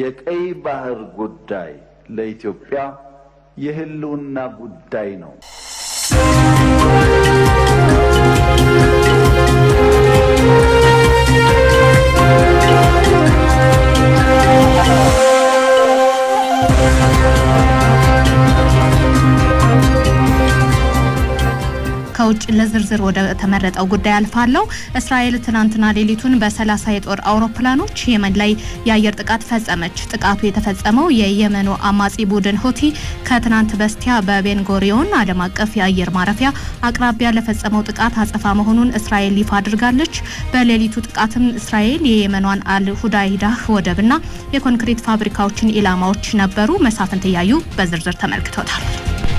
የቀይ ባህር ጉዳይ ለኢትዮጵያ የህልውና ጉዳይ ነው። Thank you. ከውጭ ለዝርዝር ወደ ተመረጠው ጉዳይ አልፋለሁ። እስራኤል ትናንትና ሌሊቱን በሰላሳ የጦር አውሮፕላኖች የመን ላይ የአየር ጥቃት ፈጸመች። ጥቃቱ የተፈጸመው የየመኑ አማጺ ቡድን ሁቲ ከትናንት በስቲያ በቤንጎሪዮን ዓለም አቀፍ የአየር ማረፊያ አቅራቢያ ለፈጸመው ጥቃት አጸፋ መሆኑን እስራኤል ይፋ አድርጋለች። በሌሊቱ ጥቃትም እስራኤል የየመኗን አል ሁዳይዳህ ወደብና የኮንክሪት ፋብሪካዎችን ኢላማዎች ነበሩ። መሳፍንት እያዩ በዝርዝር ተመልክቶታል።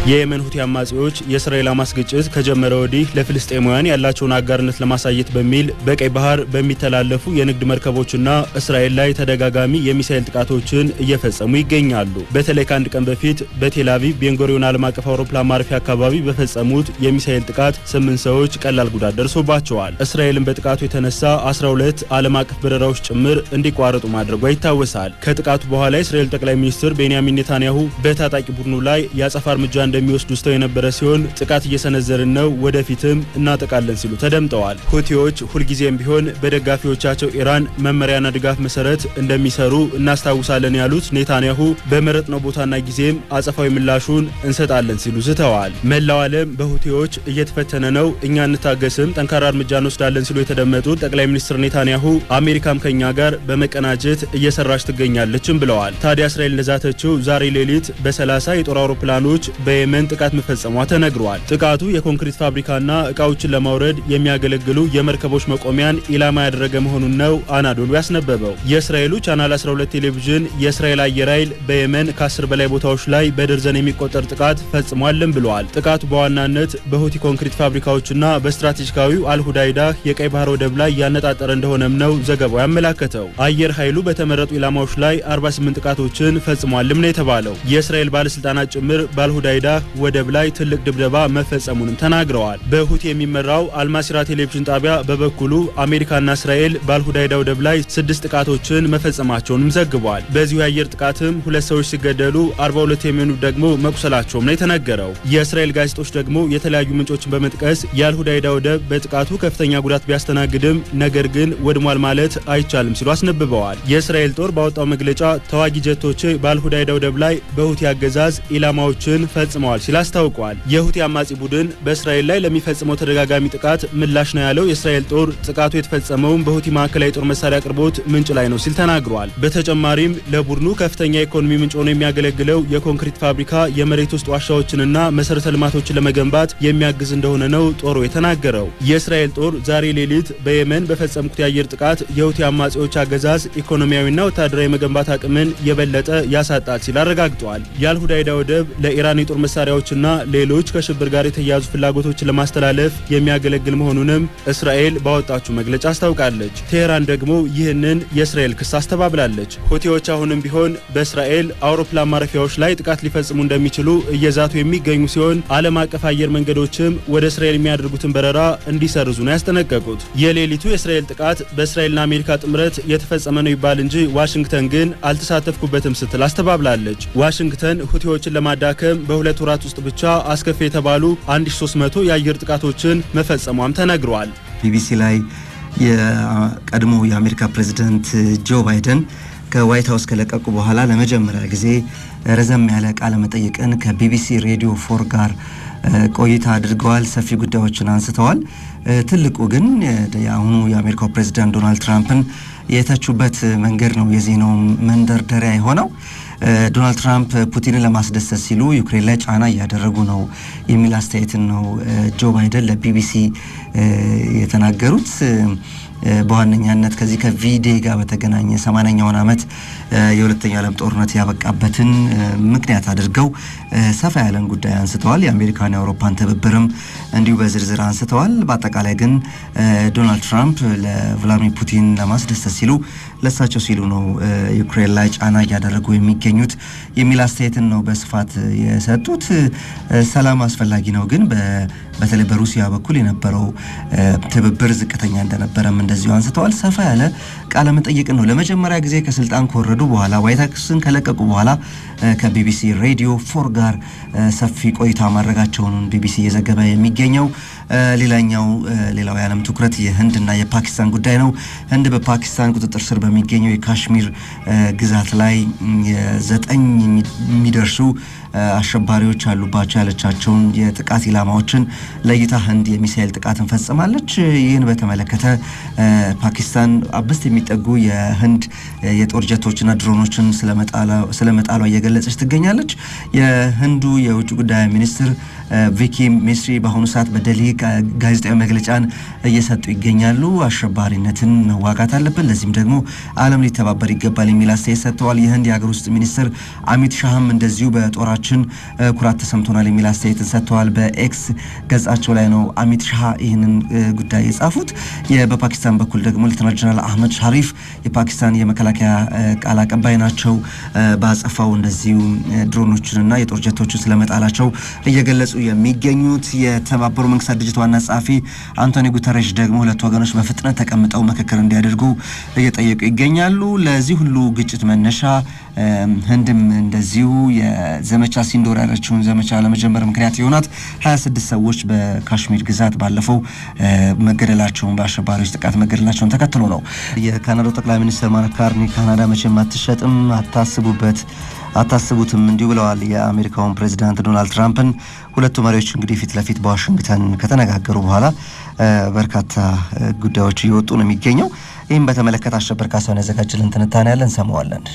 የየመን ሁቲ አማጺዎች የእስራኤል ሐማስ ግጭት ከጀመረ ወዲህ ለፍልስጤማውያን ያላቸውን አጋርነት ለማሳየት በሚል በቀይ ባህር በሚተላለፉ የንግድ መርከቦችና እስራኤል ላይ ተደጋጋሚ የሚሳኤል ጥቃቶችን እየፈጸሙ ይገኛሉ። በተለይ ከአንድ ቀን በፊት በቴልአቪቭ ቤንጎሪዮን ዓለም አቀፍ አውሮፕላን ማረፊያ አካባቢ በፈጸሙት የሚሳኤል ጥቃት ስምንት ሰዎች ቀላል ጉዳት ደርሶባቸዋል። እስራኤልን በጥቃቱ የተነሳ 12 ዓለም አቀፍ በረራዎች ጭምር እንዲቋረጡ ማድረጓ ይታወሳል። ከጥቃቱ በኋላ የእስራኤል ጠቅላይ ሚኒስትር ቤንያሚን ኔታንያሁ በታጣቂ ቡድኑ ላይ የአጸፋ እርምጃ እንደሚወስዱ ውስተው የነበረ ሲሆን ጥቃት እየሰነዘርን ነው፣ ወደፊትም እናጠቃለን ሲሉ ተደምጠዋል። ሁቲዎች ሁልጊዜም ቢሆን በደጋፊዎቻቸው ኢራን መመሪያና ድጋፍ መሰረት እንደሚሰሩ እናስታውሳለን ያሉት ኔታንያሁ በመረጥነው ቦታና ጊዜም አጸፋዊ ምላሹን እንሰጣለን ሲሉ ዝተዋል። መላው ዓለም በሁቲዎች እየተፈተነ ነው፣ እኛ እንታገስም፣ ጠንካራ እርምጃ እንወስዳለን ሲሉ የተደመጡት ጠቅላይ ሚኒስትር ኔታንያሁ አሜሪካም ከኛ ጋር በመቀናጀት እየሰራች ትገኛለችም ብለዋል። ታዲያ እስራኤል እንደዛተችው ዛሬ ሌሊት በ30 የጦር አውሮፕላኖች በየ በየመን ጥቃት መፈጸሟ ተነግሯል። ጥቃቱ የኮንክሪት ፋብሪካና እቃዎችን ለማውረድ የሚያገለግሉ የመርከቦች መቆሚያን ኢላማ ያደረገ መሆኑን ነው አናዶሉ ያስነበበው። የእስራኤሉ ቻናል 12 ቴሌቪዥን የእስራኤል አየር ኃይል በየመን ከ10 በላይ ቦታዎች ላይ በደርዘን የሚቆጠር ጥቃት ፈጽሟልም ብለዋል። ጥቃቱ በዋናነት በሁቲ ኮንክሪት ፋብሪካዎችና በስትራቴጂካዊው አልሁዳይዳ የቀይ ባህር ወደብ ላይ ያነጣጠረ እንደሆነም ነው ዘገባው ያመላከተው። አየር ኃይሉ በተመረጡ ኢላማዎች ላይ 48 ጥቃቶችን ፈጽሟልም ነው የተባለው። የእስራኤል ባለስልጣናት ጭምር በአልሁዳይዳ ወደብ ላይ ትልቅ ድብደባ መፈጸሙንም ተናግረዋል። በሁቲ የሚመራው አልማሲራ ቴሌቪዥን ጣቢያ በበኩሉ አሜሪካና እስራኤል በአልሁዳይዳ ወደብ ላይ ስድስት ጥቃቶችን መፈጸማቸውንም ዘግቧል። በዚሁ የአየር ጥቃትም ሁለት ሰዎች ሲገደሉ 42 የሚሆኑ ደግሞ መቁሰላቸውም ነው የተነገረው። የእስራኤል ጋዜጦች ደግሞ የተለያዩ ምንጮችን በመጥቀስ የአልሁዳይዳ ወደብ በጥቃቱ ከፍተኛ ጉዳት ቢያስተናግድም ነገር ግን ወድሟል ማለት አይቻልም ሲሉ አስነብበዋል። የእስራኤል ጦር ባወጣው መግለጫ ተዋጊ ጀቶች በአልሁዳይዳ ወደብ ላይ በሁቲ አገዛዝ ኢላማዎችን ፈጽ ፈጽመዋል ሲል አስታውቋል። የሁቲ አማጺ ቡድን በእስራኤል ላይ ለሚፈጽመው ተደጋጋሚ ጥቃት ምላሽ ነው ያለው የእስራኤል ጦር ጥቃቱ የተፈጸመውም በሁቲ ማዕከላዊ ጦር መሳሪያ አቅርቦት ምንጭ ላይ ነው ሲል ተናግሯል። በተጨማሪም ለቡድኑ ከፍተኛ የኢኮኖሚ ምንጭ ሆኖ የሚያገለግለው የኮንክሪት ፋብሪካ የመሬት ውስጥ ዋሻዎችንና መሰረተ ልማቶችን ለመገንባት የሚያግዝ እንደሆነ ነው ጦሩ የተናገረው። የእስራኤል ጦር ዛሬ ሌሊት በየመን በፈጸምኩት የአየር ጥቃት የሁቲ አማጺዎች አገዛዝ ኢኮኖሚያዊና ወታደራዊ የመገንባት አቅምን የበለጠ ያሳጣል ሲል አረጋግጧል። የአልሁዳይዳ ወደብ ለኢራን የጦር መሳሪያዎችና ሌሎች ከሽብር ጋር የተያያዙ ፍላጎቶችን ለማስተላለፍ የሚያገለግል መሆኑንም እስራኤል ባወጣችው መግለጫ አስታውቃለች። ቴሄራን ደግሞ ይህንን የእስራኤል ክስ አስተባብላለች። ሁቲዎች አሁንም ቢሆን በእስራኤል አውሮፕላን ማረፊያዎች ላይ ጥቃት ሊፈጽሙ እንደሚችሉ እየዛቱ የሚገኙ ሲሆን ዓለም አቀፍ አየር መንገዶችም ወደ እስራኤል የሚያደርጉትን በረራ እንዲሰርዙ ነው ያስጠነቀቁት። የሌሊቱ የእስራኤል ጥቃት በእስራኤልና አሜሪካ ጥምረት የተፈጸመ ነው ይባል እንጂ ዋሽንግተን ግን አልተሳተፍኩበትም ስትል አስተባብላለች። ዋሽንግተን ሁቲዎችን ለማዳከም በሁለት በሁለት ወራት ውስጥ ብቻ አስከፊ የተባሉ 1300 የአየር ጥቃቶችን መፈጸሟም ተነግሯል። ቢቢሲ ላይ የቀድሞ የአሜሪካ ፕሬዚደንት ጆ ባይደን ከዋይት ሀውስ ከለቀቁ በኋላ ለመጀመሪያ ጊዜ ረዘም ያለ ቃለ መጠይቅን ከቢቢሲ ሬዲዮ ፎር ጋር ቆይታ አድርገዋል። ሰፊ ጉዳዮችን አንስተዋል። ትልቁ ግን የአሁኑ የአሜሪካው ፕሬዝዳንት ዶናልድ ትራምፕን የተቹበት መንገድ ነው የዜናው መንደርደሪያ የሆነው። ዶናልድ ትራምፕ ፑቲንን ለማስደሰት ሲሉ ዩክሬን ላይ ጫና እያደረጉ ነው የሚል አስተያየትን ነው ጆ ባይደን ለቢቢሲ የተናገሩት። በዋነኛነት ከዚህ ከቪዴ ጋር በተገናኘ ሰማንያኛውን ዓመት የሁለተኛ ዓለም ጦርነት ያበቃበትን ምክንያት አድርገው ሰፋ ያለን ጉዳይ አንስተዋል። የአሜሪካን የአውሮፓን ትብብርም እንዲሁ በዝርዝር አንስተዋል። በአጠቃላይ ግን ዶናልድ ትራምፕ ለቭላዲሚር ፑቲን ለማስደሰት ሲሉ ለሳቸው ሲሉ ነው ዩክሬን ላይ ጫና እያደረጉ የሚገኙት የሚል አስተያየትን ነው በስፋት የሰጡት። ሰላም አስፈላጊ ነው፣ ግን በተለይ በሩሲያ በኩል የነበረው ትብብር ዝቅተኛ እንደነበረም እንደዚሁ አንስተዋል። ሰፋ ያለ ቃለመጠይቅ ነው ለመጀመሪያ ጊዜ ከስልጣን ከወረዱ በኋላ ዋይት ሀውስን ከለቀቁ በኋላ ከቢቢሲ ሬዲዮ ፎር ጋር ሰፊ ቆይታ ማድረጋቸውን ቢቢሲ እየዘገበ የሚገኘው። ሌላኛው ሌላው የዓለም ትኩረት የህንድና የፓኪስታን ጉዳይ ነው። ህንድ በፓኪስታን ቁጥጥር ስር በሚገኘው የካሽሚር ግዛት ላይ ዘጠኝ የሚደርሱ አሸባሪዎች አሉባቸው ያለቻቸውን የጥቃት ኢላማዎችን ለይታ ህንድ የሚሳኤል ጥቃትን ፈጽማለች። ይህን በተመለከተ ፓኪስታን አምስት የሚጠጉ የህንድ የጦር ጀቶችና ድሮኖችን ስለመጣሏ እየገለጸች ትገኛለች። የህንዱ የውጭ ጉዳይ ሚኒስትር ቪኪ ሚስሪ በአሁኑ ሰዓት በደልሂ ጋዜጣዊ መግለጫን እየሰጡ ይገኛሉ። አሸባሪነትን መዋጋት አለብን፣ ለዚህም ደግሞ ዓለም ሊተባበር ይገባል የሚል አስተያየት ሰጥተዋል። የህንድ የሀገር ውስጥ ሚኒስትር አሚት ሻህም እንደዚሁ በጦራቸው ብዙዎችን ኩራት ተሰምቶናል የሚል አስተያየትን ሰጥተዋል። በኤክስ ገጻቸው ላይ ነው አሚት ሻሃ ይህንን ጉዳይ የጻፉት። በፓኪስታን በኩል ደግሞ ሌተናል ጀነራል አህመድ ሻሪፍ የፓኪስታን የመከላከያ ቃል አቀባይ ናቸው። በአጸፋው እንደዚሁ ድሮኖችንና የጦር ጀቶችን ስለመጣላቸው እየገለጹ የሚገኙት የተባበሩ መንግስታት ድርጅት ዋና ጸሐፊ አንቶኒ ጉተረሽ ደግሞ ሁለቱ ወገኖች በፍጥነት ተቀምጠው ምክክር እንዲያደርጉ እየጠየቁ ይገኛሉ። ለዚህ ሁሉ ግጭት መነሻ ህንድም እንደዚሁ የዘመቻ አሲንዶር ያለችውን ዘመቻ ለመጀመር ምክንያት የሆናት 26 ሰዎች በካሽሚር ግዛት ባለፈው መገደላቸውን በአሸባሪዎች ጥቃት መገደላቸውን ተከትሎ ነው። የካናዳው ጠቅላይ ሚኒስትር ማርክ ካርኒ ካናዳ መቼም አትሸጥም፣ አታስቡበት አታስቡትም እንዲሁ ብለዋል። የአሜሪካውን ፕሬዚዳንት ዶናልድ ትራምፕን ሁለቱ መሪዎች እንግዲህ ፊት ለፊት በዋሽንግተን ከተነጋገሩ በኋላ በርካታ ጉዳዮች እየወጡ ነው የሚገኘው። ይህም በተመለከተ አሸበር ካሳሁን ያዘጋጅልን ትንታኔ ያለን እንሰማዋለን።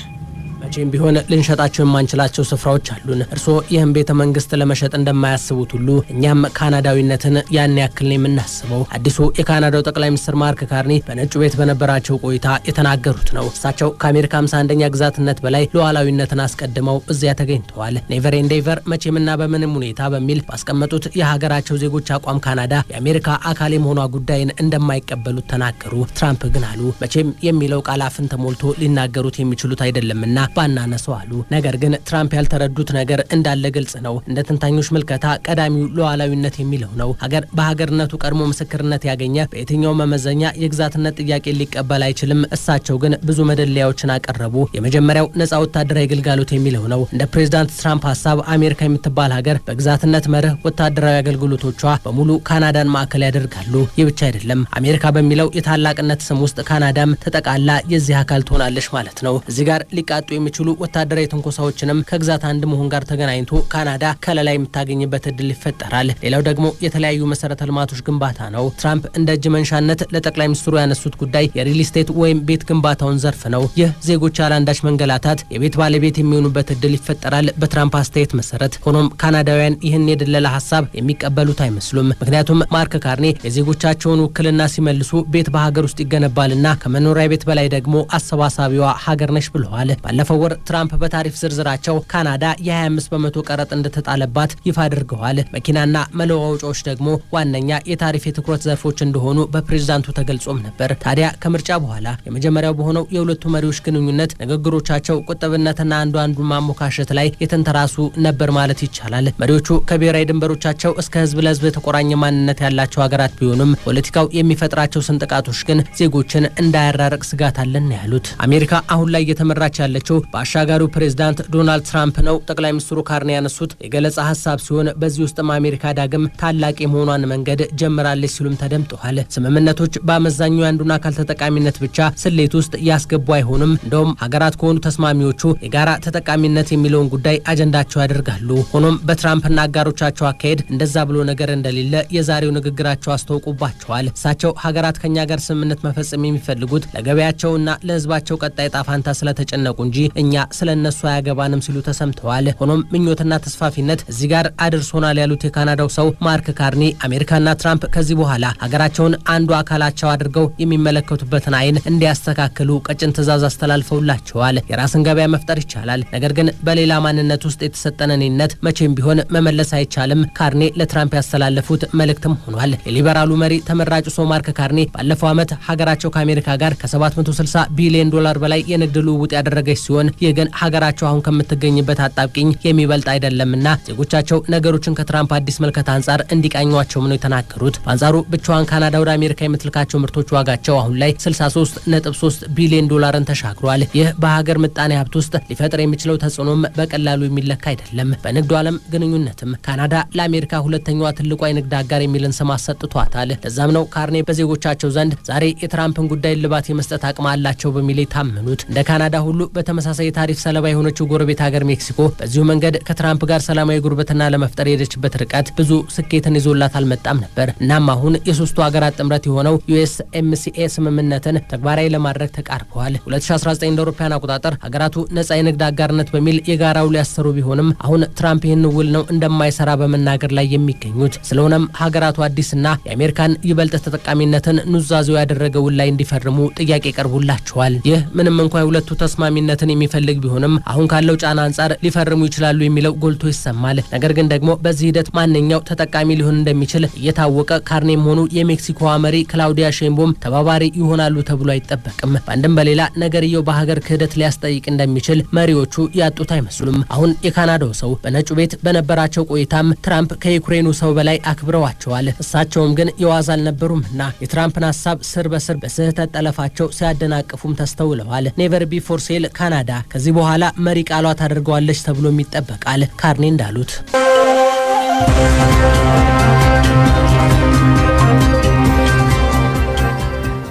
መቼም ቢሆን ልንሸጣቸው የማንችላቸው ስፍራዎች አሉን። እርስዎ ይህም ቤተ መንግስት ለመሸጥ እንደማያስቡት ሁሉ እኛም ካናዳዊነትን ያን ያክል ነው የምናስበው። አዲሱ የካናዳው ጠቅላይ ሚኒስትር ማርክ ካርኒ በነጩ ቤት በነበራቸው ቆይታ የተናገሩት ነው። እሳቸው ከአሜሪካ 51 አንደኛ ግዛትነት በላይ ሉዓላዊነትን አስቀድመው እዚያ ተገኝተዋል። ኔቨር ኤንዴቨር መቼምና በምንም ሁኔታ በሚል ባስቀመጡት የሀገራቸው ዜጎች አቋም ካናዳ የአሜሪካ አካል የመሆኗ ጉዳይን እንደማይቀበሉት ተናገሩ። ትራምፕ ግን አሉ መቼም የሚለው ቃል አፍን ተሞልቶ ሊናገሩት የሚችሉት አይደለምና ባናነሰው አሉ። ነገር ግን ትራምፕ ያልተረዱት ነገር እንዳለ ግልጽ ነው። እንደ ተንታኞች ምልከታ ቀዳሚው ሉዓላዊነት የሚለው ነው። ሀገር በሀገርነቱ ቀድሞ ምስክርነት ያገኘ በየትኛው መመዘኛ የግዛትነት ጥያቄ ሊቀበል አይችልም። እሳቸው ግን ብዙ መደለያዎችን አቀረቡ። የመጀመሪያው ነጻ ወታደራዊ ግልጋሎት የሚለው ነው። እንደ ፕሬዚዳንት ትራምፕ ሀሳብ አሜሪካ የምትባል ሀገር በግዛትነት መርህ ወታደራዊ አገልግሎቶቿ በሙሉ ካናዳን ማዕከል ያደርጋሉ። ይህ ብቻ አይደለም። አሜሪካ በሚለው የታላቅነት ስም ውስጥ ካናዳም ተጠቃላ የዚህ አካል ትሆናለች ማለት ነው። እዚህ ጋር ሊቃጡ የሚ የሚችሉ ወታደራዊ ትንኮሳዎችንም ከግዛት አንድ መሆን ጋር ተገናኝቶ ካናዳ ከለላ የምታገኝበት እድል ይፈጠራል። ሌላው ደግሞ የተለያዩ መሰረተ ልማቶች ግንባታ ነው። ትራምፕ እንደ እጅ መንሻነት ለጠቅላይ ሚኒስትሩ ያነሱት ጉዳይ የሪል ስቴት ወይም ቤት ግንባታውን ዘርፍ ነው። ይህ ዜጎች ያለአንዳች መንገላታት የቤት ባለቤት የሚሆኑበት እድል ይፈጠራል በትራምፕ አስተያየት መሰረት። ሆኖም ካናዳውያን ይህን የድለላ ሀሳብ የሚቀበሉት አይመስሉም። ምክንያቱም ማርክ ካርኔ የዜጎቻቸውን ውክልና ሲመልሱ ቤት በሀገር ውስጥ ይገነባልና ከመኖሪያ ቤት በላይ ደግሞ አሰባሳቢዋ ሀገር ነች ብለዋል። ባለፈው ወር ትራምፕ በታሪፍ ዝርዝራቸው ካናዳ የ25 በመቶ ቀረጥ እንደተጣለባት ይፋ አድርገዋል። መኪናና መለዋወጫዎች ደግሞ ዋነኛ የታሪፍ የትኩረት ዘርፎች እንደሆኑ በፕሬዝዳንቱ ተገልጾም ነበር። ታዲያ ከምርጫ በኋላ የመጀመሪያው በሆነው የሁለቱ መሪዎች ግንኙነት ንግግሮቻቸው ቁጥብነትና አንዱ አንዱን ማሞካሸት ላይ የተንተራሱ ነበር ማለት ይቻላል። መሪዎቹ ከብሔራዊ ድንበሮቻቸው እስከ ህዝብ ለህዝብ የተቆራኘ ማንነት ያላቸው ሀገራት ቢሆኑም ፖለቲካው የሚፈጥራቸው ስንጥቃቶች ግን ዜጎችን እንዳያራርቅ ስጋት አለን ያሉት አሜሪካ አሁን ላይ እየተመራች ያለችው በአሻጋሪው ፕሬዝዳንት ዶናልድ ትራምፕ ነው ጠቅላይ ሚኒስትሩ ካርኔ ያነሱት የገለጻ ሀሳብ ሲሆን በዚህ ውስጥም አሜሪካ ዳግም ታላቅ የመሆኗን መንገድ ጀምራለች ሲሉም ተደምጠዋል። ስምምነቶች በአመዛኛው የአንዱን አካል ተጠቃሚነት ብቻ ስሌት ውስጥ ያስገቡ አይሆንም። እንደውም ሀገራት ከሆኑ ተስማሚዎቹ የጋራ ተጠቃሚነት የሚለውን ጉዳይ አጀንዳቸው ያደርጋሉ። ሆኖም በትራምፕና አጋሮቻቸው አካሄድ እንደዛ ብሎ ነገር እንደሌለ የዛሬው ንግግራቸው አስታውቁባቸዋል። እሳቸው ሀገራት ከኛ ጋር ስምምነት መፈጸም የሚፈልጉት ለገበያቸውና ለህዝባቸው ቀጣይ ጣፋንታ ስለተጨነቁ እንጂ እኛ ስለ እነሱ አያገባንም ሲሉ ተሰምተዋል። ሆኖም ምኞትና ተስፋፊነት እዚህ ጋር አድርሶናል ያሉት የካናዳው ሰው ማርክ ካርኒ አሜሪካና ትራምፕ ከዚህ በኋላ ሀገራቸውን አንዱ አካላቸው አድርገው የሚመለከቱበትን አይን እንዲያስተካክሉ ቀጭን ትዕዛዝ አስተላልፈውላቸዋል። የራስን ገበያ መፍጠር ይቻላል፣ ነገር ግን በሌላ ማንነት ውስጥ የተሰጠን እኔነት መቼም ቢሆን መመለስ አይቻልም። ካርኔ ለትራምፕ ያስተላለፉት መልእክትም ሆኗል። የሊበራሉ መሪ ተመራጩ ሰው ማርክ ካርኔ ባለፈው ዓመት ሀገራቸው ከአሜሪካ ጋር ከ760 ቢሊዮን ዶላር በላይ የንግድ ልውውጥ ያደረገች ሲሆን ሲሆን ይህ ግን ሀገራቸው አሁን ከምትገኝበት አጣብቂኝ የሚበልጥ አይደለምና ዜጎቻቸው ነገሮችን ከትራምፕ አዲስ መልከት አንጻር እንዲቃኟቸውም ነው የተናገሩት። በአንጻሩ ብቻዋን ካናዳ ወደ አሜሪካ የምትልካቸው ምርቶች ዋጋቸው አሁን ላይ 3 ቢሊዮን ዶላርን ተሻግሯል። ይህ በሀገር ምጣኔ ሀብት ውስጥ ሊፈጥር የሚችለው ተጽዕኖም በቀላሉ የሚለካ አይደለም። በንግዱ ዓለም ግንኙነትም ካናዳ ለአሜሪካ ሁለተኛዋ ትልቋ የንግድ አጋር የሚልን ስም አሰጥቷታል። ለዛም ነው ካርኔ በዜጎቻቸው ዘንድ ዛሬ የትራምፕን ጉዳይ ልባት የመስጠት አቅም አላቸው በሚል የታመኑት እንደ ካናዳ ሁሉ በተመሳሳይ ተመሳሳይ የታሪፍ ሰለባ የሆነችው ጎረቤት ሀገር ሜክሲኮ በዚሁ መንገድ ከትራምፕ ጋር ሰላማዊ ጉርብትና ለመፍጠር የሄደችበት ርቀት ብዙ ስኬትን ይዞላት አልመጣም ነበር። እናም አሁን የሶስቱ ሀገራት ጥምረት የሆነው ዩኤስኤምሲኤ ስምምነትን ተግባራዊ ለማድረግ ተቃርበዋል። 2019 እንደ አውሮፓውያን አቆጣጠር ሀገራቱ ነጻ የንግድ አጋርነት በሚል የጋራው ሊያሰሩ ቢሆንም አሁን ትራምፕ ይህን ውል ነው እንደማይሰራ በመናገር ላይ የሚገኙት። ስለሆነም ሀገራቱ አዲስና የአሜሪካን ይበልጥ ተጠቃሚነትን ኑዛዜው ያደረገ ውል ላይ እንዲፈርሙ ጥያቄ ቀርቡላቸዋል። ይህ ምንም እንኳ የሁለቱ ተስማሚነትን የሚፈልግ ቢሆንም አሁን ካለው ጫና አንጻር ሊፈርሙ ይችላሉ የሚለው ጎልቶ ይሰማል። ነገር ግን ደግሞ በዚህ ሂደት ማንኛው ተጠቃሚ ሊሆን እንደሚችል እየታወቀ ካርኔም ሆኑ የሜክሲኮዋ መሪ ክላውዲያ ሼምቦም ተባባሪ ይሆናሉ ተብሎ አይጠበቅም። በአንድም በሌላ ነገርየው በሀገር ክህደት ሊያስጠይቅ እንደሚችል መሪዎቹ ያጡት አይመስሉም። አሁን የካናዳው ሰው በነጩ ቤት በነበራቸው ቆይታም ትራምፕ ከዩክሬኑ ሰው በላይ አክብረዋቸዋል። እሳቸውም ግን የዋዛ አልነበሩምና የትራምፕን ሀሳብ ስር በስር በስህተት ጠለፋቸው ሲያደናቅፉም ተስተውለዋል። ኔቨር ቢፎር ሴል ካናዳ ካናዳ ከዚህ በኋላ መሪ ቃሏ ታደርገዋለች ተብሎም ይጠበቃል። ካርኔ እንዳሉት